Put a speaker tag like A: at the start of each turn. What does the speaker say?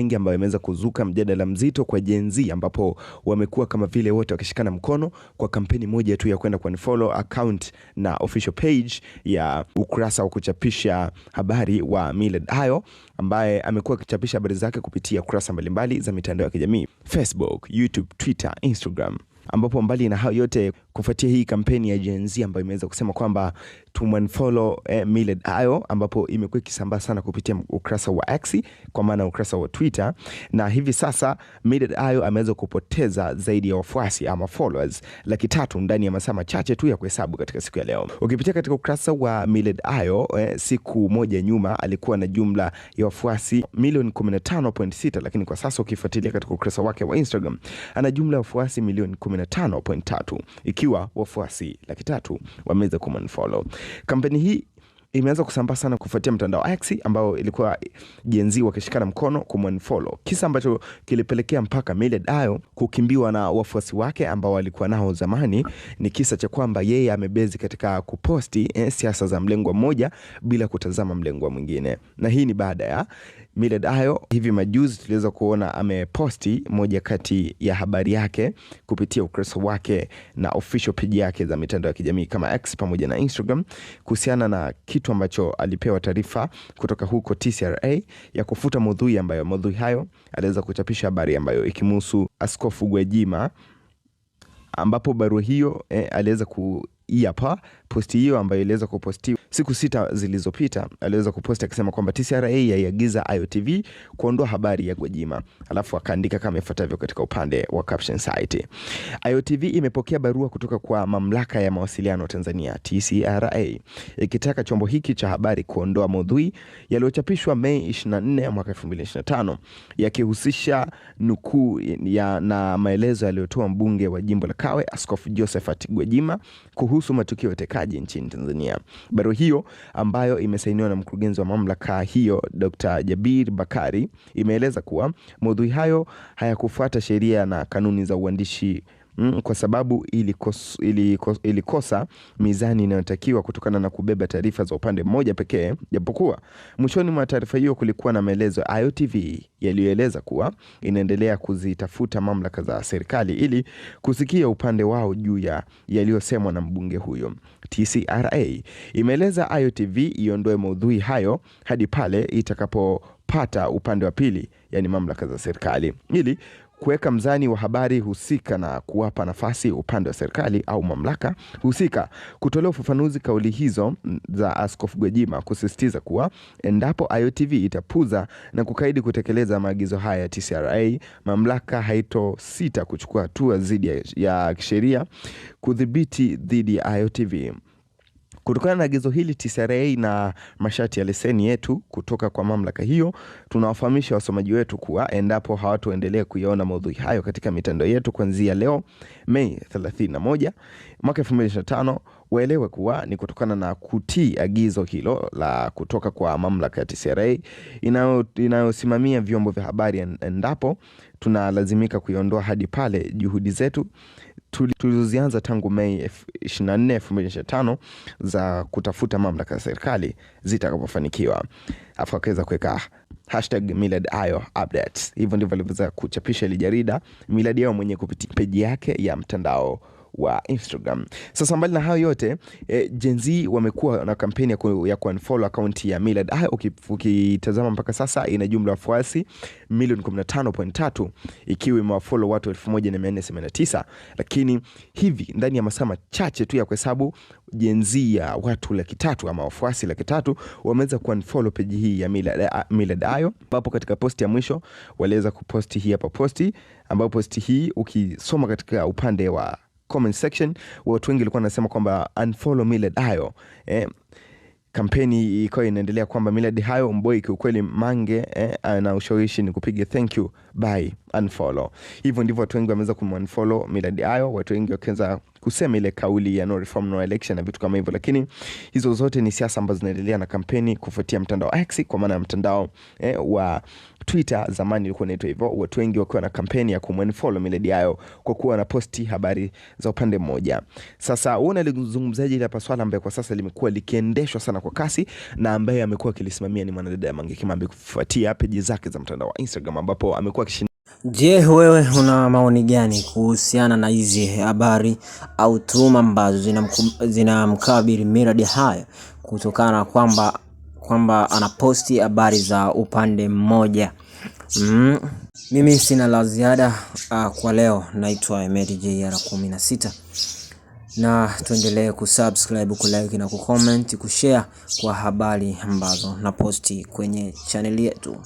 A: mengi ambayo yameweza kuzuka mjadala mzito kwa Gen Z, ambapo wamekuwa kama vile wote wakishikana mkono kwa kampeni moja tu ya kwenda kufollow account na official page ya ukurasa wa kuchapisha habari wa Millard Ayo ambaye amekuwa akichapisha habari zake kupitia kurasa mbalimbali za mitandao ya kijamii Facebook, YouTube, Twitter, Instagram ambapo mbali na hayo yote kufuatia hii kampeni ya Gen Z ambayo imeweza kusema kwamba tumanfollow eh, Millard Ayo, ambapo imekuwa ikisambaa sana kupitia ukurasa wa X kwa maana ukurasa wa Twitter, na hivi sasa Millard Ayo ameweza kupoteza zaidi ya wafuasi ama followers laki tatu ndani ya masaa machache tu ya kuhesabu katika siku ya leo. Ukipitia katika ukurasa wa Millard Ayo eh, siku moja nyuma alikuwa na jumla ya wafuasi milioni 15.6, lakini kwa sasa ukifuatilia katika ukurasa wake wa Instagram ana jumla ya wafuasi milioni 15.3 ikiwa ikiwa wafuasi laki tatu wameweza kumanfollow. Kampeni hii imeanza kusambaa sana kufuatia mtandao X ambao ilikuwa Gen Z wakishikana mkono kumwanfollow, kisa ambacho kilipelekea mpaka Millard Ayo kukimbiwa na wafuasi wake ambao walikuwa nao zamani. Ni kisa cha kwamba yeye amebezi katika kuposti eh, siasa za mlengwa mmoja bila kutazama mlengwa mwingine, na hii ni baada ya Millard Ayo hivi majuzi tuliweza kuona ameposti moja kati ya habari yake kupitia ukurasa wake na official page yake za mitandao ya kijamii kama X pamoja na Instagram kuhusiana na kitu ambacho alipewa taarifa kutoka huko TCRA ya kufuta maudhui ambayo maudhui hayo aliweza kuchapisha habari ambayo ikimhusu Askofu Gwajima ambapo barua hiyo eh, aliweza ku hapa posti hiyo ambayo iliweza kupostiwa siku sita zilizopita, aliweza kuposti akisema kwamba TCRA yaiagiza IOTV kuondoa habari ya Gwajima, alafu akaandika kama ifuatavyo katika upande wa caption site. IOTV imepokea barua kutoka kwa mamlaka ya mawasiliano Tanzania TCRA ikitaka chombo hiki cha habari kuondoa maudhui yaliyochapishwa Mei 24 mwaka 2025 yakihusisha nukuu ya na maelezo yaliyotoa mbunge wa jimbo la Kawe Askofu Josephat Gwajima kuhusu kuhusu matukio ya utekaji nchini Tanzania. Barua hiyo ambayo imesainiwa na mkurugenzi wa mamlaka hiyo Dr. Jabir Bakari imeeleza kuwa maudhui hayo hayakufuata sheria na kanuni za uandishi mm, kwa sababu ilikos, ilikos, ilikosa mizani inayotakiwa kutokana na kubeba taarifa za upande mmoja pekee, japokuwa mwishoni mwa taarifa hiyo kulikuwa na maelezo ya IOTV yaliyoeleza kuwa inaendelea kuzitafuta mamlaka za serikali ili kusikia upande wao juu ya yaliyosemwa na mbunge huyo. TCRA imeeleza IOTV iondoe maudhui hayo hadi pale itakapo kupata upande wa pili, yani mamlaka za serikali, ili kuweka mzani wa habari husika na kuwapa nafasi upande wa serikali au mamlaka husika kutolea ufafanuzi kauli hizo za Askofu Gwajima, kusisitiza kuwa endapo IOTV itapuza na kukaidi kutekeleza maagizo haya ya TCRA, mamlaka haito sita kuchukua hatua dhidi ya kisheria kudhibiti dhidi ya IOTV. Kutokana na agizo hili, TCRA na masharti ya leseni yetu kutoka kwa mamlaka hiyo, tunawafahamisha wasomaji wetu kuwa endapo hawatoendelea kuyaona maudhui hayo katika mitandao yetu kuanzia leo Mei 31 mwaka 2025 waelewe kuwa ni kutokana na kutii agizo hilo la kutoka kwa mamlaka ya TCRA inayosimamia inayo vyombo vya habari, endapo tunalazimika kuiondoa hadi pale juhudi zetu tulizozianza tangu Mei 24, 2025 za kutafuta mamlaka ya serikali zitakapofanikiwa. Afu akaweza kuweka hashtag Millard Ayo updates. Hivyo ndivyo alivyoweza kuchapisha ile jarida Millard Ayo mwenyewe kupitia peji yake ya mtandao wa Instagram. Sasa mbali na hayo yote e, Gen Z wamekuwa na kampeni ya, ku, ya kuunfollow akaunti ya Millard ah, ukitazama mpaka sasa ina jumla wafuasi milioni 15.3 ikiwa imewafollow watu 1489 lakini hivi ndani ya masaa machache tu ya kuhesabu Gen Z ya watu laki tatu ama wafuasi laki tatu wameweza kuunfollow page hii ya Millard eh, ah, Ayo, ambapo katika posti ya mwisho waliweza kuposti hii hapa posti, ambapo posti hii ukisoma katika upande wa comment section, watu wengi walikuwa wanasema kwamba unfollow Millard Ayo eh, kampeni ikawa inaendelea kwamba Millard Ayo mboi kiukweli, Mange eh, ana ushawishi ni kupiga thank you bye unfollow. Hivyo ndivyo watu wengi wameweza kumunfollow Millard Ayo, watu wengi wakianza kusema ile kauli ya no reform no election na vitu kama hivyo, lakini hizo zote ni siasa ambazo zinaendelea na kampeni kufuatia mtandao X, kwa maana ya mtandao eh, wa Twitter zamani ilikuwa inaitwa hivyo, watu wengi wakiwa na kampeni ya kumunfollow Millard Ayo kwa kuwa na posti habari za upande mmoja. Sasa wewe unalizungumzaje ile hapa swala ambayo kwa sasa limekuwa likiendeshwa sana kwa kasi na ambaye amekuwa akilisimamia ni mwanadada ya Mange Kimambi kufuatia peji zake za mtandao wa Instagram ambapo amekuwa Je, wewe una maoni gani kuhusiana na hizi habari au tuhuma ambazo zinamkabili Millard Ayo kutokana na kwamba kwamba anaposti habari za upande mmoja? Mm. Mimi sina la ziada uh, kwa leo. Naitwa Ahmed JR 16 na tuendelee kusubscribe, kulike na kucomment, kushare kwa habari ambazo naposti kwenye chaneli yetu.